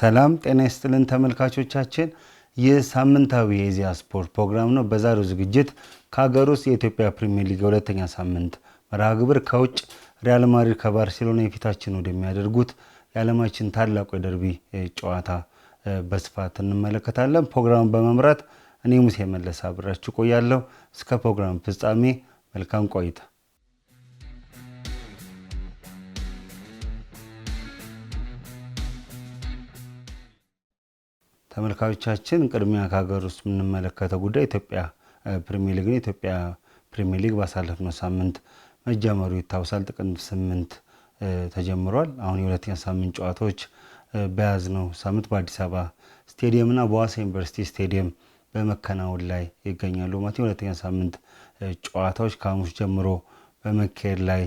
ሰላም ጤና ይስጥልን ተመልካቾቻችን፣ ይህ ሳምንታዊ የኢዜአ ስፖርት ፕሮግራም ነው። በዛሬው ዝግጅት ከሀገር ውስጥ የኢትዮጵያ ፕሪሚየር ሊግ የሁለተኛ ሳምንት መርሃ ግብር፣ ከውጭ ሪያል ማድሪድ ከባርሴሎና የፊታችን ወደሚያደርጉት የዓለማችን ታላቁ የደርቢ ጨዋታ በስፋት እንመለከታለን። ፕሮግራሙን በመምራት እኔ ሙሴ መለስ አብራችሁ ቆያለሁ። እስከ ፕሮግራም ፍጻሜ መልካም ቆይታ ተመልካቾቻችን ቅድሚያ ከሀገር ውስጥ የምንመለከተው ጉዳይ ኢትዮጵያ ፕሪሚየር ሊግ ነው። ኢትዮጵያ ፕሪሚየር ሊግ ባሳለፍነው ሳምንት መጀመሩ ይታወሳል። ጥቅምት ስምንት ተጀምሯል። አሁን የሁለተኛ ሳምንት ጨዋታዎች በያዝነው ሳምንት በአዲስ አበባ ስቴዲየም በዋሳ ዩኒቨርሲቲ ስቴዲየም በመከናወን ላይ ይገኛሉ። ማለት የሁለተኛ ሳምንት ጨዋታዎች ከሐሙስ ጀምሮ በመካሄድ ላይ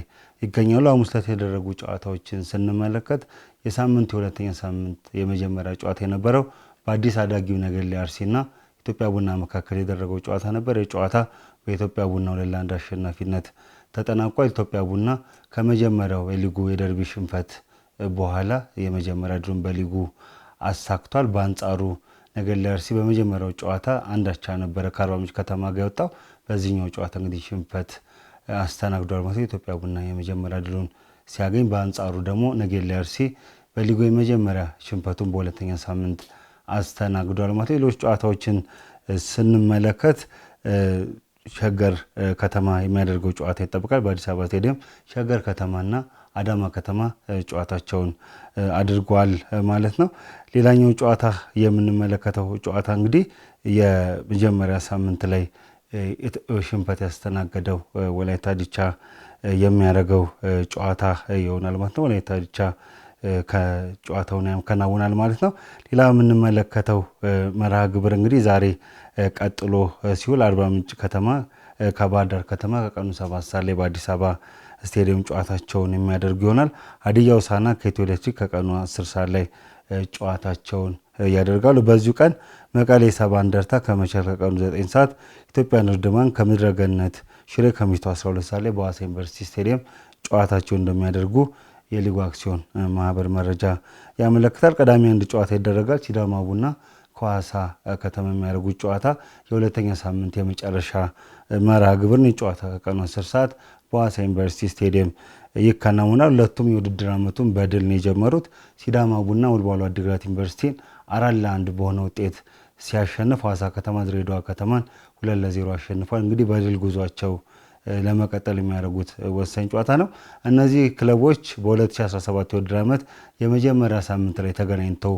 ይገኛሉ። ሐሙስ ዕለት የተደረጉ ጨዋታዎችን ስንመለከት የሳምንቱ የሁለተኛ ሳምንት የመጀመሪያ ጨዋታ የነበረው በአዲስ አዳጊው ነገር ላይ አርሲና ኢትዮጵያ ቡና መካከል የደረገው ጨዋታ ነበር። የጨዋታ በኢትዮጵያ ቡና ሁለት ለአንድ አሸናፊነት ተጠናቋል። ኢትዮጵያ ቡና ከመጀመሪያው የሊጉ የደርቢ ሽንፈት በኋላ የመጀመሪያ ድሩን በሊጉ አሳክቷል። በአንጻሩ ነገሌ አርሲ በመጀመሪያው ጨዋታ አንድ አቻ ነበረ ከአርባ ምንጭ ከተማ ጋር የወጣው። በዚህኛው ጨዋታ እንግዲህ ሽንፈት አስተናግዷል ማለት ኢትዮጵያ ቡና የመጀመሪያ ድሉን ሲያገኝ፣ በአንጻሩ ደግሞ ነገሌ አርሲ በሊጉ የመጀመሪያ ሽንፈቱን በሁለተኛ ሳምንት አስተናግዷል ማለት ሌሎች ጨዋታዎችን ስንመለከት ሸገር ከተማ የሚያደርገው ጨዋታ ይጠበቃል። በአዲስ አበባ ስቴዲየም ሸገር ከተማና አዳማ ከተማ ጨዋታቸውን አድርጓል ማለት ነው። ሌላኛው ጨዋታ የምንመለከተው ጨዋታ እንግዲህ የመጀመሪያ ሳምንት ላይ ሽንፈት ያስተናገደው ወላይታ ዲቻ የሚያደርገው ጨዋታ ይሆናል ማለት ነው። ወላይታ ዲቻ ከጨዋታውን ያከናውናል ማለት ነው። ሌላ የምንመለከተው መርሃ ግብር እንግዲህ ዛሬ ቀጥሎ ሲውል አርባ ምንጭ ከተማ ከባህር ዳር ከተማ ከቀኑ ሰባት ሰዓት ላይ በአዲስ አበባ ስቴዲየም ጨዋታቸውን የሚያደርጉ ይሆናል። ሀዲያ ሆሳዕና ከኢትዮ ኤሌክትሪክ ከቀኑ አስር ሰዓት ላይ ጨዋታቸውን ያደርጋሉ። በዚሁ ቀን መቀሌ ሰባ እንደርታ ከመቻል ከቀኑ ዘጠኝ ሰዓት፣ ኢትዮጵያ ንግድ ባንክ ከምድረገነት ሽሬ ከምሽቱ 12 ሰዓት ላይ በሐዋሳ ዩኒቨርሲቲ ስቴዲየም ጨዋታቸውን እንደሚያደርጉ የሊጉ አክሲዮን ማህበር መረጃ ያመለክታል። ቀዳሚ አንድ ጨዋታ ይደረጋል። ሲዳማ ቡና ከዋሳ ከተማ የሚያደርጉት ጨዋታ የሁለተኛ ሳምንት የመጨረሻ መርሃ ግብርን የጨዋታ ከቀኑ 10 ሰዓት በዋሳ ዩኒቨርሲቲ ስቴዲየም ይከናወናል። ሁለቱም የውድድር ዓመቱን በድል ነው የጀመሩት። ሲዳማ ቡና ወልዋሎ አዲግራት ዩኒቨርሲቲን አራት ለአንድ በሆነ ውጤት ሲያሸንፍ ዋሳ ከተማ ድሬዳዋ ከተማን ሁለት ለዜሮ አሸንፏል። እንግዲህ በድል ጉዟቸው ለመቀጠል የሚያደርጉት ወሳኝ ጨዋታ ነው። እነዚህ ክለቦች በ2017 የውድድር ዓመት የመጀመሪያ ሳምንት ላይ ተገናኝተው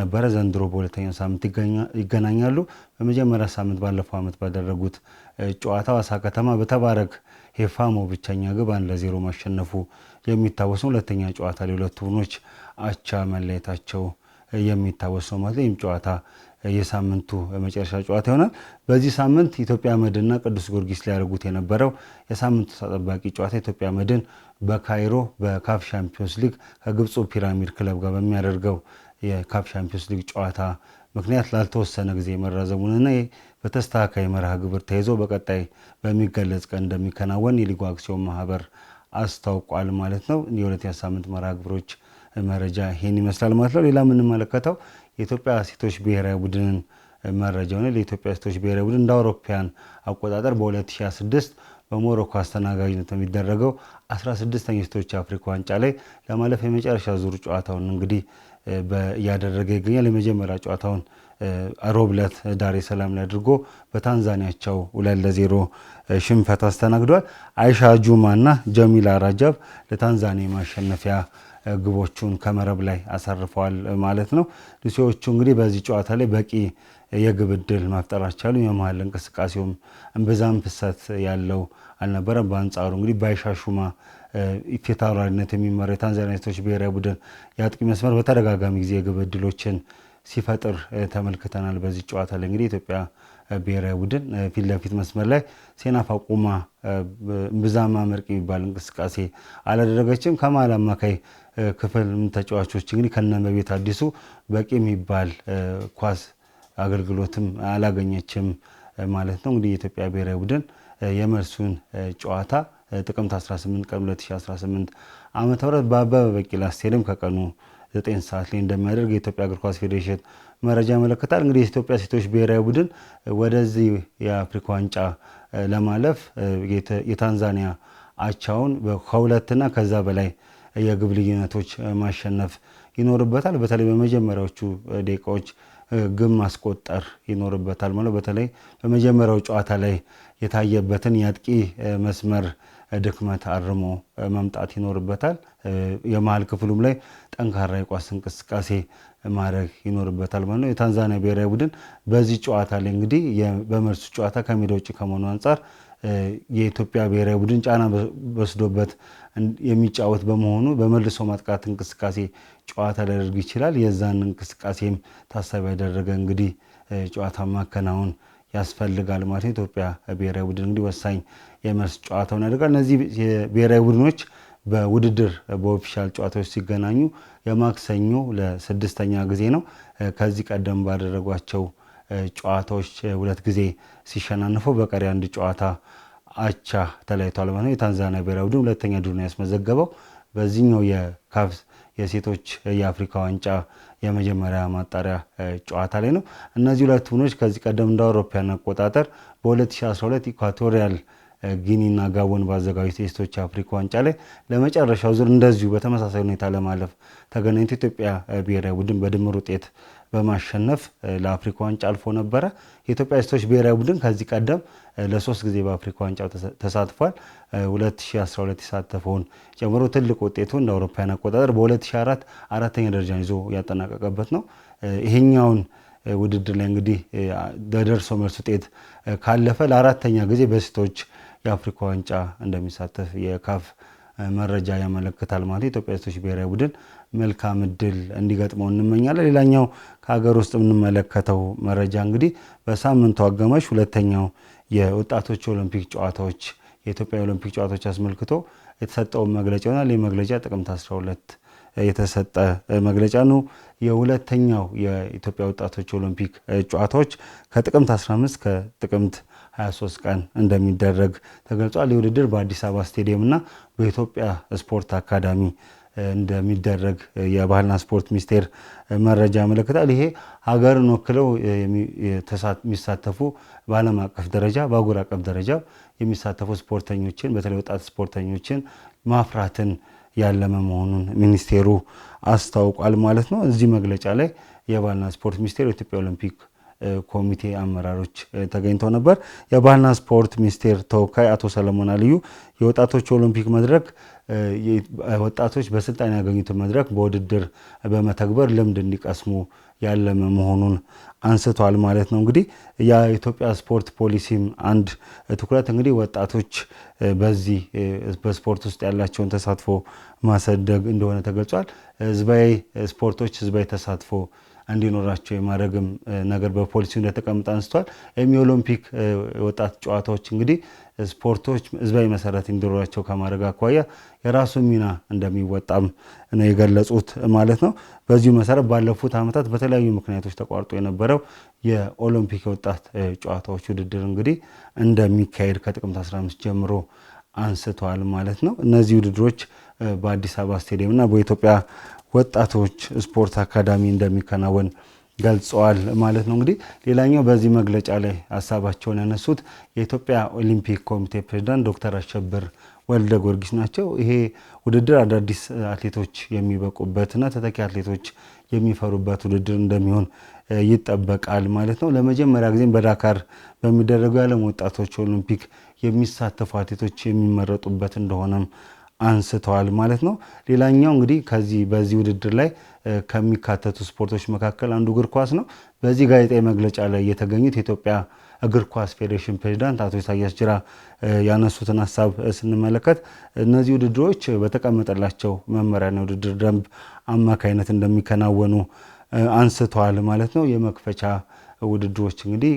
ነበረ። ዘንድሮ በሁለተኛው ሳምንት ይገናኛሉ። በመጀመሪያ ሳምንት ባለፈው ዓመት ባደረጉት ጨዋታ ሐዋሳ ከተማ በተባረክ ሄፋሞ ብቸኛ ግብ አንድ ለዜሮ ማሸነፉ የሚታወስ ነው። ሁለተኛ ጨዋታ ላይ ሁለቱ ቡድኖች አቻ መለየታቸው የሚታወስ ሰው ማለት ይህም ጨዋታ የሳምንቱ መጨረሻ ጨዋታ ይሆናል። በዚህ ሳምንት ኢትዮጵያ መድንና ቅዱስ ጊዮርጊስ ሊያደርጉት የነበረው የሳምንቱ ተጠባቂ ጨዋታ ኢትዮጵያ መድን በካይሮ በካፍ ሻምፒዮንስ ሊግ ከግብፁ ፒራሚድ ክለብ ጋር በሚያደርገው የካፍ ሻምፒዮንስ ሊግ ጨዋታ ምክንያት ላልተወሰነ ጊዜ መራዘሙንና በተስተካካይ መርሃ ግብር ተይዞ በቀጣይ በሚገለጽ ቀን እንደሚከናወን የሊጉ አክሲዮን ማህበር አስታውቋል ማለት ነው። የሁለተኛ ሳምንት መርሃ ግብሮች መረጃ ይሄን ይመስላል ማለት ነው። ሌላ የምንመለከተው የኢትዮጵያ ሴቶች ብሔራዊ ቡድንን መረጃ ሆነ ለኢትዮጵያ ሴቶች ብሔራዊ ቡድን እንደ አውሮፓውያን አቆጣጠር በ2016 በሞሮኮ አስተናጋጅነት የሚደረገው 16ኛ ሴቶች አፍሪካ ዋንጫ ላይ ለማለፍ የመጨረሻ ዙር ጨዋታውን እንግዲህ እያደረገ ይገኛል። የመጀመሪያ ጨዋታውን ሮብለት ዳሬ ሰላም ላይ አድርጎ በታንዛኒያቸው ሁለት ለዜሮ ሽንፈት አስተናግዷል። አይሻ ጁማ እና ጀሚላ ራጃብ ለታንዛኒያ ማሸነፊያ ግቦቹን ከመረብ ላይ አሳርፈዋል ማለት ነው። ሉሲዎቹ እንግዲህ በዚህ ጨዋታ ላይ በቂ የግብ ዕድል መፍጠር አልቻሉም። የመሀል እንቅስቃሴውም እምብዛም ፍሰት ያለው አልነበረም። በአንጻሩ እንግዲህ ባይሻሹማ ፊታውራሪነት የሚመራው የታንዛኒያ ሴቶች ብሔራዊ ቡድን የአጥቂ መስመር በተደጋጋሚ ጊዜ የግብ ዕድሎችን ሲፈጥር ተመልክተናል። በዚህ ጨዋታ ላይ እንግዲህ ኢትዮጵያ ብሔራዊ ቡድን ፊት ለፊት መስመር ላይ ሴናፋ ቁማ ብዛማ ምርቅ የሚባል እንቅስቃሴ አላደረገችም። ከማል አማካይ ክፍል ተጫዋቾች እንግዲህ ከነመቤት አዲሱ በቂ የሚባል ኳስ አገልግሎትም አላገኘችም ማለት ነው። እንግዲህ የኢትዮጵያ ብሔራዊ ቡድን የመልሱን ጨዋታ ጥቅምት 18 ቀን 2018 ዓ.ም በአበበ ቢቂላ ስቴዲየም ከቀኑ 9 ሰዓት ላይ እንደሚያደርግ የኢትዮጵያ እግር ኳስ ፌዴሬሽን መረጃ ያመለክታል። እንግዲህ የኢትዮጵያ ሴቶች ብሔራዊ ቡድን ወደዚህ የአፍሪካ ዋንጫ ለማለፍ የታንዛኒያ አቻውን ከሁለትና ከዛ በላይ የግብ ልዩነቶች ማሸነፍ ይኖርበታል። በተለይ በመጀመሪያዎቹ ደቂቃዎች ግብ ማስቆጠር ይኖርበታል ማለት በተለይ በመጀመሪያው ጨዋታ ላይ የታየበትን የአጥቂ መስመር ድክመት አርሞ መምጣት ይኖርበታል። የመሀል ክፍሉም ላይ ጠንካራ የኳስ እንቅስቃሴ ማድረግ ይኖርበታል ማለት ነው። የታንዛኒያ ብሔራዊ ቡድን በዚህ ጨዋታ ላይ እንግዲህ በመልሱ ጨዋታ ከሜዳ ውጭ ከመሆኑ አንጻር የኢትዮጵያ ብሔራዊ ቡድን ጫና በስዶበት የሚጫወት በመሆኑ በመልሶ ማጥቃት እንቅስቃሴ ጨዋታ ሊያደርግ ይችላል። የዛን እንቅስቃሴም ታሳቢ ያደረገ እንግዲህ ጨዋታ ማከናወን ያስፈልጋል ማለት ነው። ኢትዮጵያ ብሔራዊ ቡድን እንግዲህ ወሳኝ የመልስ ጨዋታውን ያደርጋል። እነዚህ ብሔራዊ ቡድኖች በውድድር በኦፊሻል ጨዋታዎች ሲገናኙ የማክሰኞ ለስድስተኛ ጊዜ ነው። ከዚህ ቀደም ባደረጓቸው ጨዋታዎች ሁለት ጊዜ ሲሸናነፈው በቀሪ አንድ ጨዋታ አቻ ተለያይቷል ማለት ነው። የታንዛኒያ ብሔራዊ ቡድን ሁለተኛ ድሉን ያስመዘገበው በዚህኛው የካፍ የሴቶች የአፍሪካ ዋንጫ የመጀመሪያ ማጣሪያ ጨዋታ ላይ ነው። እነዚህ ሁለት ቡድኖች ከዚህ ቀደም እንደ አውሮፓውያን አቆጣጠር በ2012 ኢኳቶሪያል ጊኒና ጋቦን ባዘጋጁ ቴስቶች አፍሪካ ዋንጫ ላይ ለመጨረሻው ዙር እንደዚሁ በተመሳሳይ ሁኔታ ለማለፍ ተገናኝቶ ኢትዮጵያ ብሔራዊ ቡድን በድምር ውጤት በማሸነፍ ለአፍሪካ ዋንጫ አልፎ ነበረ። የኢትዮጵያ ሴቶች ብሔራዊ ቡድን ከዚህ ቀደም ለሶስት ጊዜ በአፍሪካ ዋንጫ ተሳትፏል። 2012 የተሳተፈውን ጨምሮ ትልቅ ውጤቱ እንደ አውሮፓውያን አቆጣጠር በ2004 አራተኛ ደረጃ ይዞ ያጠናቀቀበት ነው። ይሄኛውን ውድድር ላይ እንግዲህ በደርሶ መልስ ውጤት ካለፈ ለአራተኛ ጊዜ በሴቶች የአፍሪካ ዋንጫ እንደሚሳተፍ የካፍ መረጃ ያመለክታል። ማለት የኢትዮጵያ ሴቶች ብሔራዊ ቡድን መልካም እድል እንዲገጥመው እንመኛለን። ሌላኛው ከሀገር ውስጥ የምንመለከተው መረጃ እንግዲህ በሳምንቱ አጋማሽ ሁለተኛው የወጣቶች ኦሎምፒክ ጨዋታዎች የኢትዮጵያ ኦሎምፒክ ጨዋታዎች አስመልክቶ የተሰጠውን መግለጫ ይሆናል። ይህ መግለጫ ጥቅምት 12 የተሰጠ መግለጫ ነው። የሁለተኛው የኢትዮጵያ ወጣቶች ኦሎምፒክ ጨዋታዎች ከጥቅምት 15 ከጥቅምት 23 ቀን እንደሚደረግ ተገልጿል። ውድድር በአዲስ አበባ ስቴዲየም እና በኢትዮጵያ ስፖርት አካዳሚ እንደሚደረግ የባህልና ስፖርት ሚኒስቴር መረጃ ያመለክታል። ይሄ ሀገርን ወክለው የሚሳተፉ በዓለም አቀፍ ደረጃ በአህጉር አቀፍ ደረጃ የሚሳተፉ ስፖርተኞችን በተለይ ወጣት ስፖርተኞችን ማፍራትን ያለመ መሆኑን ሚኒስቴሩ አስታውቋል ማለት ነው። እዚህ መግለጫ ላይ የባህልና ስፖርት ሚኒስቴር የኢትዮጵያ ኦሎምፒክ ኮሚቴ አመራሮች ተገኝተው ነበር። የባህልና ስፖርት ሚኒስቴር ተወካይ አቶ ሰለሞን አልዩ የወጣቶች ኦሎምፒክ መድረክ ወጣቶች በስልጣን ያገኙትን መድረክ በውድድር በመተግበር ልምድ እንዲቀስሙ ያለመ መሆኑን አንስቷል ማለት ነው። እንግዲህ የኢትዮጵያ ስፖርት ፖሊሲም አንድ ትኩረት እንግዲህ ወጣቶች በዚህ በስፖርት ውስጥ ያላቸውን ተሳትፎ ማሰደግ እንደሆነ ተገልጿል። ህዝባዊ ስፖርቶች ህዝባዊ ተሳትፎ እንዲኖራቸው የማድረግም ነገር በፖሊሲ እንደተቀምጠ አንስቷል። ወይም የኦሎምፒክ ወጣት ጨዋታዎች እንግዲህ ስፖርቶች ህዝባዊ መሰረት እንዲኖራቸው ከማድረግ አኳያ የራሱ ሚና እንደሚወጣም ነው የገለጹት ማለት ነው። በዚሁ መሰረት ባለፉት ዓመታት በተለያዩ ምክንያቶች ተቋርጦ የነበረው የኦሎምፒክ የወጣት ጨዋታዎች ውድድር እንግዲህ እንደሚካሄድ ከጥቅምት 15 ጀምሮ አንስተዋል ማለት ነው። እነዚህ ውድድሮች በአዲስ አበባ ስቴዲየም እና በኢትዮጵያ ወጣቶች ስፖርት አካዳሚ እንደሚከናወን ገልጸዋል ማለት ነው። እንግዲህ ሌላኛው በዚህ መግለጫ ላይ ሀሳባቸውን ያነሱት የኢትዮጵያ ኦሊምፒክ ኮሚቴ ፕሬዚዳንት ዶክተር አሸብር ወልደ ጊዮርጊስ ናቸው። ይሄ ውድድር አዳዲስ አትሌቶች የሚበቁበትና ተተኪ አትሌቶች የሚፈሩበት ውድድር እንደሚሆን ይጠበቃል ማለት ነው። ለመጀመሪያ ጊዜም በዳካር በሚደረገው የዓለም ወጣቶች ኦሊምፒክ የሚሳተፉ አትሌቶች የሚመረጡበት እንደሆነም አንስተዋል ማለት ነው። ሌላኛው እንግዲህ ከዚህ በዚህ ውድድር ላይ ከሚካተቱ ስፖርቶች መካከል አንዱ እግር ኳስ ነው። በዚህ ጋዜጣዊ መግለጫ ላይ የተገኙት የኢትዮጵያ እግር ኳስ ፌዴሬሽን ፕሬዚዳንት አቶ ኢሳያስ ጅራ ያነሱትን ሀሳብ ስንመለከት እነዚህ ውድድሮች በተቀመጠላቸው መመሪያና ውድድር ደንብ አማካይነት እንደሚከናወኑ አንስተዋል ማለት ነው። የመክፈቻ ውድድሮች እንግዲህ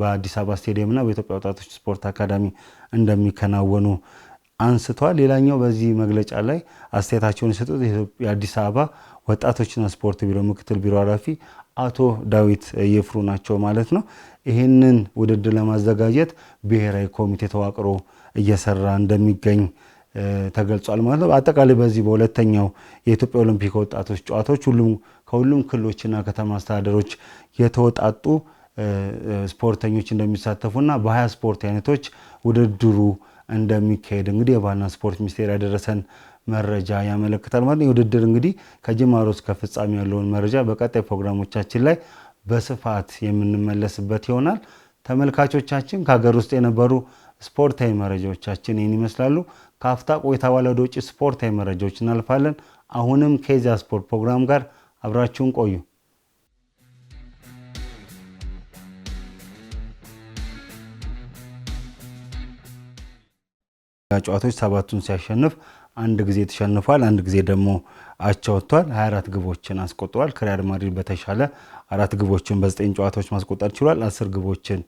በአዲስ አበባ ስቴዲየምና በኢትዮጵያ ወጣቶች ስፖርት አካዳሚ እንደሚከናወኑ አንስቷል። ሌላኛው በዚህ መግለጫ ላይ አስተያየታቸውን የሰጡት የአዲስ አበባ ወጣቶችና ስፖርት ቢሮ ምክትል ቢሮ ኃላፊ አቶ ዳዊት የፍሩ ናቸው ማለት ነው። ይህንን ውድድር ለማዘጋጀት ብሔራዊ ኮሚቴ ተዋቅሮ እየሰራ እንደሚገኝ ተገልጿል ማለት ነው። አጠቃላይ በዚህ በሁለተኛው የኢትዮጵያ ኦሎምፒክ ወጣቶች ጨዋታዎች ሁሉም ከሁሉም ክልሎችና ከተማ አስተዳደሮች የተወጣጡ ስፖርተኞች እንደሚሳተፉና በሀያ ስፖርት አይነቶች ውድድሩ እንደሚካሄድ እንግዲህ የባህልና ስፖርት ሚኒስቴር ያደረሰን መረጃ ያመለክታል ማለት ነው። የውድድር እንግዲህ ከጅማሮ እስከ ፍጻሜ ያለውን መረጃ በቀጣይ ፕሮግራሞቻችን ላይ በስፋት የምንመለስበት ይሆናል። ተመልካቾቻችን ከሀገር ውስጥ የነበሩ ስፖርታዊ መረጃዎቻችን ይህን ይመስላሉ። ከአፍታ ቆይታ በኋላ ወደ ውጭ ስፖርታዊ መረጃዎች እናልፋለን። አሁንም ከዚያ ስፖርት ፕሮግራም ጋር አብራችሁን ቆዩ። ጨዋታዎች ሰባቱን ሲያሸንፍ አንድ ጊዜ ተሸንፏል፣ አንድ ጊዜ ደግሞ አቻ ወጥቷል። 24 ግቦችን አስቆጥሯል። ከሪያል ማድሪድ በተሻለ አራት ግቦችን በዘጠኝ ጨዋታዎች ማስቆጠር ችሏል። አስር ግቦችን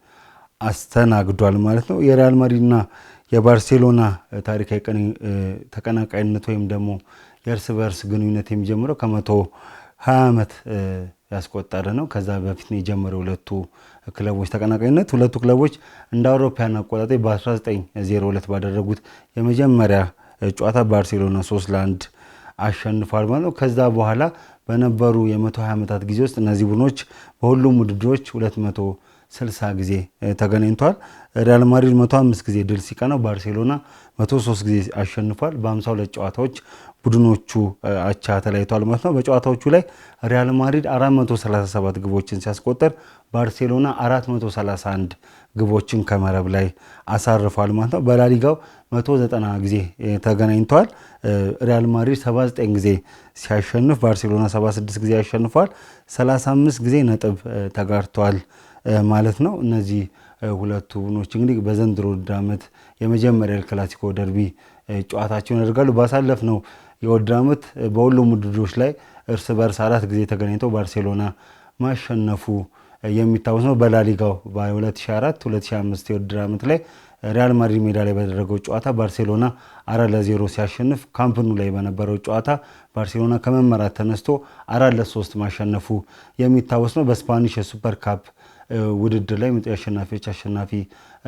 አስተናግዷል ማለት ነው። የሪያል ማድሪድና የባርሴሎና ታሪካዊ ተቀናቃይነት ወይም ደግሞ የእርስ በእርስ ግንኙነት የሚጀምረው ከመቶ 20 ዓመት ያስቆጠረ ነው። ከዛ በፊት ነው የጀመረው ሁለቱ ክለቦች ተቀናቃኝነት። ሁለቱ ክለቦች እንደ አውሮፓውያን አቆጣጠር በ1902 ባደረጉት የመጀመሪያ ጨዋታ ባርሴሎና 3 ለአንድ አሸንፏል ማለት ነው። ከዛ በኋላ በነበሩ የ120 ዓመታት ጊዜ ውስጥ እነዚህ ቡድኖች በሁሉም ውድድሮች 260 ጊዜ ተገናኝቷል። ሪያል ማድሪድ 105 ጊዜ ድል ሲቀናው፣ ባርሴሎና 103 ጊዜ አሸንፏል። በ52 ጨዋታዎች ቡድኖቹ አቻ ተለያይተዋል ማለት ነው። በጨዋታዎቹ ላይ ሪያል ማድሪድ 437 ግቦችን ሲያስቆጠር ባርሴሎና 431 ግቦችን ከመረብ ላይ አሳርፏል ማለት ነው። በላሊጋው 190 ጊዜ ተገናኝተዋል። ሪያል ማድሪድ 79 ጊዜ ሲያሸንፍ ባርሴሎና 76 ጊዜ ያሸንፏል። 35 ጊዜ ነጥብ ተጋርተዋል ማለት ነው። እነዚህ ሁለቱ ቡድኖች እንግዲህ በዘንድሮ ዓመት የመጀመሪያ ኤል ክላሲኮ ደርቢ ጨዋታቸውን ያደርጋሉ ባሳለፍ ነው የውድድር ዓመት በሁሉም ውድድሮች ላይ እርስ በርስ አራት ጊዜ ተገናኝተው ባርሴሎና ማሸነፉ የሚታወስ ነው። በላሊጋው በ2004 2005 የውድድር ዓመት ላይ ሪያል ማድሪድ ሜዳ ላይ በደረገው ጨዋታ ባርሴሎና አራት ለዜሮ ሲያሸንፍ ካምፕኑ ላይ በነበረው ጨዋታ ባርሴሎና ከመመራት ተነስቶ አራት ለሶስት ማሸነፉ የሚታወስ ነው። በስፓኒሽ የሱፐር ካፕ ውድድር ላይ የአሸናፊዎች አሸናፊ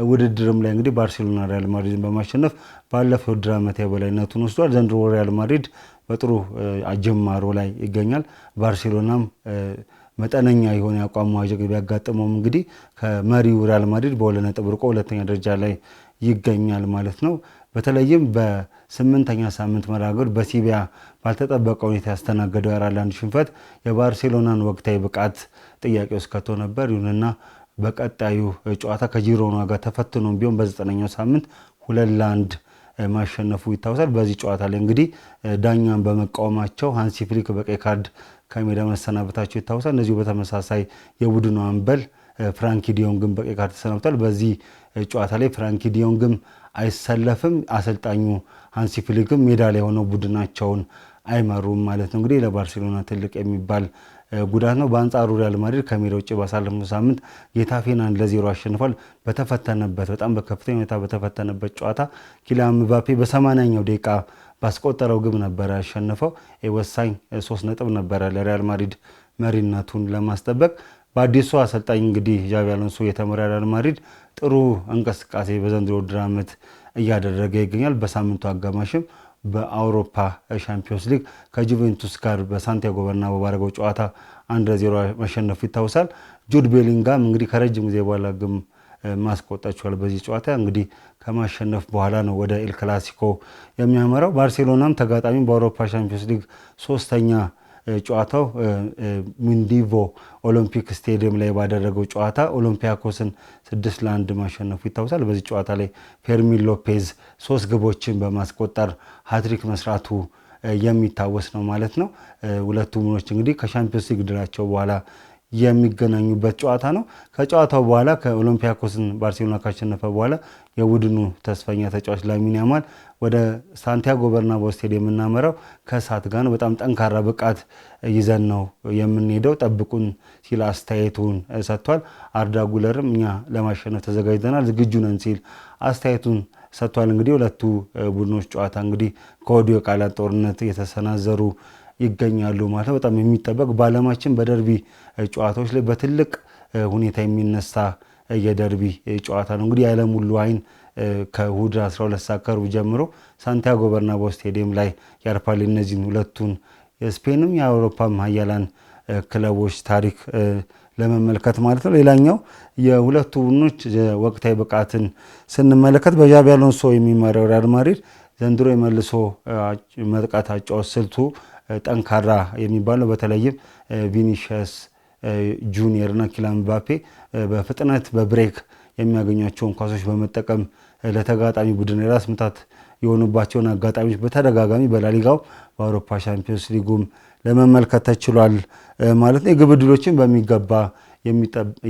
ውድድርም ላይ እንግዲህ ባርሴሎና ሪያል ማድሪድን በማሸነፍ ባለፈው ውድድር ዓመት የበላይነቱን ወስዷል። ዘንድሮ ሪያል ማድሪድ በጥሩ አጀማሮ ላይ ይገኛል። ባርሴሎናም መጠነኛ የሆነ የአቋም መዋዠቅ ቢያጋጥመውም እንግዲህ ከመሪው ሪያል ማድሪድ በሁለት ነጥብ ርቆ ሁለተኛ ደረጃ ላይ ይገኛል ማለት ነው። በተለይም በስምንተኛ ሳምንት መራገድ በሲቢያ ባልተጠበቀ ሁኔታ ያስተናገደው የአራት ለአንድ ሽንፈት የባርሴሎናን ወቅታዊ ብቃት ጥያቄ ውስጥ ከቶ ነበር። ይሁንና በቀጣዩ ጨዋታ ከጂሮና ጋር ተፈትኖ ቢሆን በዘጠነኛው ሳምንት ሁለት ለአንድ ማሸነፉ ይታወሳል። በዚህ ጨዋታ ላይ እንግዲህ ዳኛን በመቃወማቸው ሃንሲ ፍሊክ በቀይ ካርድ ከሜዳ መሰናበታቸው ይታወሳል። እነዚሁ በተመሳሳይ የቡድኑ አምበል ፍራንኪ ዲዮንግም በቀይ ካርድ ተሰናብቷል። በዚህ ጨዋታ ላይ ፍራንኪ ዲዮንግም አይሰለፍም። አሰልጣኙ ሃንሲ ፍሊክም ሜዳ ላይ ሆነው ቡድናቸውን አይመሩም ማለት ነው። እንግዲህ ለባርሴሎና ትልቅ የሚባል ጉዳት ነው። በአንጻሩ ሪያል ማድሪድ ከሜዳ ውጭ ባሳለፍነው ሳምንት ጌታፌን አንድ ለዜሮ አሸንፏል። በተፈተነበት በጣም በከፍተኛ ሁኔታ በተፈተነበት ጨዋታ ኪሊያን ምባፔ በሰማንያኛው ደቂቃ ባስቆጠረው ግብ ነበረ ያሸነፈው። ወሳኝ ሶስት ነጥብ ነበረ ለሪያል ማድሪድ መሪነቱን ለማስጠበቅ በአዲሱ አሰልጣኝ እንግዲህ ዣቪ አሎንሶ የተመራ ሪያል ማድሪድ ጥሩ እንቅስቃሴ በዘንድሮ ውድድር ዓመት እያደረገ ይገኛል። በሳምንቱ አጋማሽም በአውሮፓ ሻምፒዮንስ ሊግ ከጁቬንቱስ ጋር በሳንቲያጎ በርናቦ ባደረገው ጨዋታ አንድ ለዜሮ መሸነፉ ይታወሳል። ጁድ ቤሊንጋም እንግዲህ ከረጅም ጊዜ በኋላ ግም ማስቆጠር በዚህ ጨዋታ እንግዲህ ከማሸነፍ በኋላ ነው ወደ ኤል ክላሲኮ የሚያመራው። ባርሴሎናም ተጋጣሚ በአውሮፓ ሻምፒዮንስ ሊግ ሶስተኛ ጨዋታው ሚንዲቮ ኦሎምፒክ ስቴዲየም ላይ ባደረገው ጨዋታ ኦሎምፒያኮስን ስድስት ለአንድ ማሸነፉ ይታወሳል። በዚህ ጨዋታ ላይ ፌርሚን ሎፔዝ ሶስት ግቦችን በማስቆጠር ሀትሪክ መስራቱ የሚታወስ ነው ማለት ነው። ሁለቱ ቡድኖች እንግዲህ ከሻምፒዮንስ ሊግ ድላቸው በኋላ የሚገናኙበት ጨዋታ ነው። ከጨዋታው በኋላ ከኦሎምፒያኮስን ባርሴሎና ካሸነፈ በኋላ የቡድኑ ተስፈኛ ተጫዋች ላሚን ያማል ወደ ሳንቲያጎ በርናባው ስቴዲየም የምናመራው ከእሳት ጋር ነው። በጣም ጠንካራ ብቃት ይዘን ነው የምንሄደው፣ ጠብቁን ሲል አስተያየቱን ሰጥቷል። አርዳ ጉለርም እኛ ለማሸነፍ ተዘጋጅተናል፣ ዝግጁ ነን ሲል አስተያየቱን ሰጥቷል። እንግዲህ ሁለቱ ቡድኖች ጨዋታ እንግዲህ ከወዲሁ የቃላት ጦርነት የተሰናዘሩ ይገኛሉ ማለት በጣም የሚጠበቅ በዓለማችን በደርቢ ጨዋታዎች ላይ በትልቅ ሁኔታ የሚነሳ የደርቢ ጨዋታ ነው። እንግዲህ የዓለም ሁሉ አይን ከእሁድ 12 ሰዓት ከሩብ ጀምሮ ሳንቲያጎ በርናባው ስቴዲየም ላይ ያርፋል። እነዚህን ሁለቱን የስፔንም የአውሮፓም ሀያላን ክለቦች ታሪክ ለመመልከት ማለት ነው። ሌላኛው የሁለቱ ቡድኖች ወቅታዊ ብቃትን ስንመለከት በዣቢ አሎንሶ የሚመራው ሪያል ማድሪድ ዘንድሮ የመልሶ መጥቃት አጫዋች ስልቱ ጠንካራ የሚባል በተለይም ቪኒሽስ ጁኒየር እና ኪላን ምባፔ በፍጥነት በብሬክ የሚያገኟቸውን ኳሶች በመጠቀም ለተጋጣሚ ቡድን የራስ ምታት የሆኑባቸውን አጋጣሚዎች በተደጋጋሚ በላሊጋው በአውሮፓ ሻምፒዮንስ ሊጉም ለመመልከት ተችሏል ማለት ነው። የግብ ዕድሎችን በሚገባ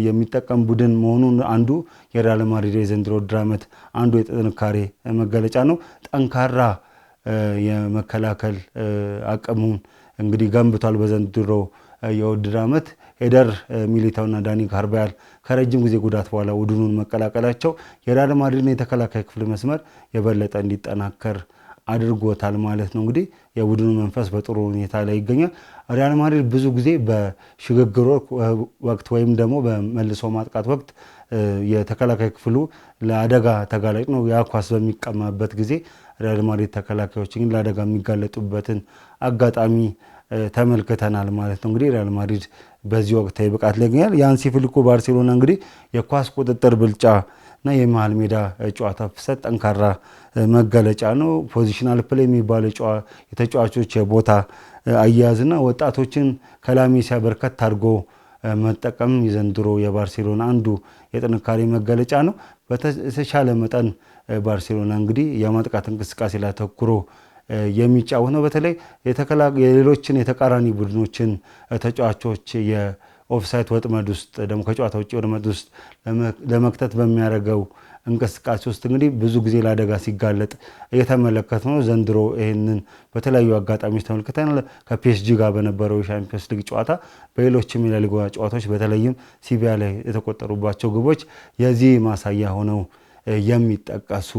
የሚጠቀም ቡድን መሆኑን አንዱ የሪያል ማድሪድ የዘንድሮ ዓመት አንዱ የጥንካሬ መገለጫ ነው። ጠንካራ የመከላከል አቅሙን እንግዲህ ገንብቷል። በዘንድሮ የውድድር ዓመት ሄደር ሚሊታውና ዳኒ ካርባያል ከረጅም ጊዜ ጉዳት በኋላ ቡድኑን መቀላቀላቸው የሪያል ማድሪድን የተከላካይ ክፍል መስመር የበለጠ እንዲጠናከር አድርጎታል ማለት ነው። እንግዲህ የቡድኑ መንፈስ በጥሩ ሁኔታ ላይ ይገኛል። ሪያል ማድሪድ ብዙ ጊዜ በሽግግር ወቅት ወይም ደግሞ በመልሶ ማጥቃት ወቅት የተከላካይ ክፍሉ ለአደጋ ተጋላጭ ነው። ያ ኳስ በሚቀማበት ጊዜ ሪያል ማድሪድ ተከላካዮች ግን ለአደጋ የሚጋለጡበትን አጋጣሚ ተመልክተናል ማለት ነው። እንግዲህ ሪያል ማድሪድ በዚህ ወቅታዊ ብቃት ላይ ይገኛል። የሃንሲ ባርሴሎና እንግዲህ የኳስ ቁጥጥር ብልጫ እና የመሃል ሜዳ ጨዋታ ፍሰት ጠንካራ መገለጫ ነው። ፖዚሽናል ፕሌ የሚባለ የተጫዋቾች የቦታ አያያዝና ወጣቶችን ከላሜሲያ በርከት አድርጎ መጠቀም የዘንድሮ የባርሴሎና አንዱ የጥንካሬ መገለጫ ነው። በተሻለ መጠን ባርሴሎና እንግዲህ የማጥቃት እንቅስቃሴ ላይ አተኩሮ የሚጫወት ነው። በተለይ የሌሎችን የተቃራኒ ቡድኖችን ተጫዋቾች የኦፍሳይት ወጥመድ ውስጥ ደግሞ ከጨዋታ ውጭ ወጥመድ ውስጥ ለመክተት በሚያደርገው እንቅስቃሴ ውስጥ እንግዲህ ብዙ ጊዜ ለአደጋ ሲጋለጥ እየተመለከት ነው። ዘንድሮ ይህንን በተለያዩ አጋጣሚዎች ተመልክተናል። ከፒኤስጂ ጋር በነበረው የሻምፒዮንስ ሊግ ጨዋታ፣ በሌሎችም የላሊጋ ጨዋታዎች በተለይም ሲቪያ ላይ የተቆጠሩባቸው ግቦች የዚህ ማሳያ ሆነው የሚጠቀሱ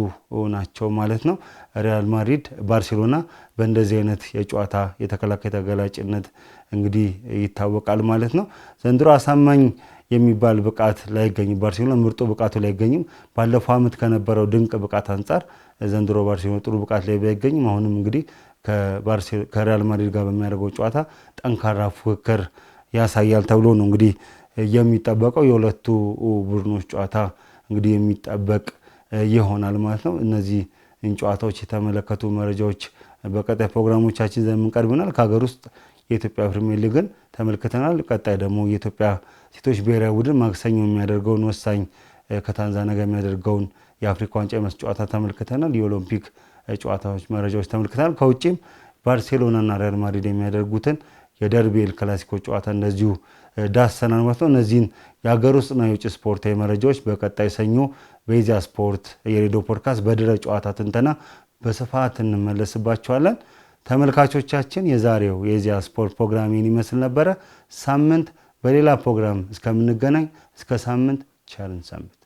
ናቸው ማለት ነው። ሪያል ማድሪድ፣ ባርሴሎና በእንደዚህ አይነት የጨዋታ የተከላካይ ተገላጭነት እንግዲህ ይታወቃል ማለት ነው። ዘንድሮ አሳማኝ የሚባል ብቃት ላይገኝም፣ ባርሴሎና ምርጡ ብቃቱ ላይገኝም። ባለፈው ዓመት ከነበረው ድንቅ ብቃት አንጻር ዘንድሮ ባርሴሎና ጥሩ ብቃት ላይ ባይገኝም አሁንም እንግዲህ ከሪያል ማድሪድ ጋር በሚያደርገው ጨዋታ ጠንካራ ፉክክር ያሳያል ተብሎ ነው እንግዲህ የሚጠበቀው የሁለቱ ቡድኖች ጨዋታ እንግዲህ የሚጠበቅ ይሆናል ማለት ነው። እነዚህ ጨዋታዎች የተመለከቱ መረጃዎች በቀጣይ ፕሮግራሞቻችን ዘንድ ከሀገር ውስጥ የኢትዮጵያ ፕሪሚየር ሊግን ተመልክተናል። ቀጣይ ደግሞ የኢትዮጵያ ሴቶች ብሔራዊ ቡድን ማክሰኞ የሚያደርገውን ወሳኝ ከታንዛኒያ ጋር የሚያደርገውን የአፍሪካ ዋንጫ የመልስ ጨዋታ ተመልክተናል። የኦሎምፒክ ጨዋታዎች መረጃዎች ተመልክተናል። ከውጭም ባርሴሎናና ሪያል ማድሪድ የሚያደርጉትን የደርቤል ክላሲኮ ጨዋታ እንደዚሁ ዳሰናን ማለት ነው። እነዚህን የሀገር ውስጥና የውጭ ስፖርታዊ መረጃዎች በቀጣይ ሰኞ በኢዜአ ስፖርት የሬዲዮ ፖድካስት በድረ ጨዋታ ትንተና በስፋት እንመለስባቸዋለን። ተመልካቾቻችን የዛሬው የኢዜአ ስፖርት ፕሮግራሜን ይመስል ነበረ። ሳምንት በሌላ ፕሮግራም እስከምንገናኝ እስከ ሳምንት ቸርን ሰንብት።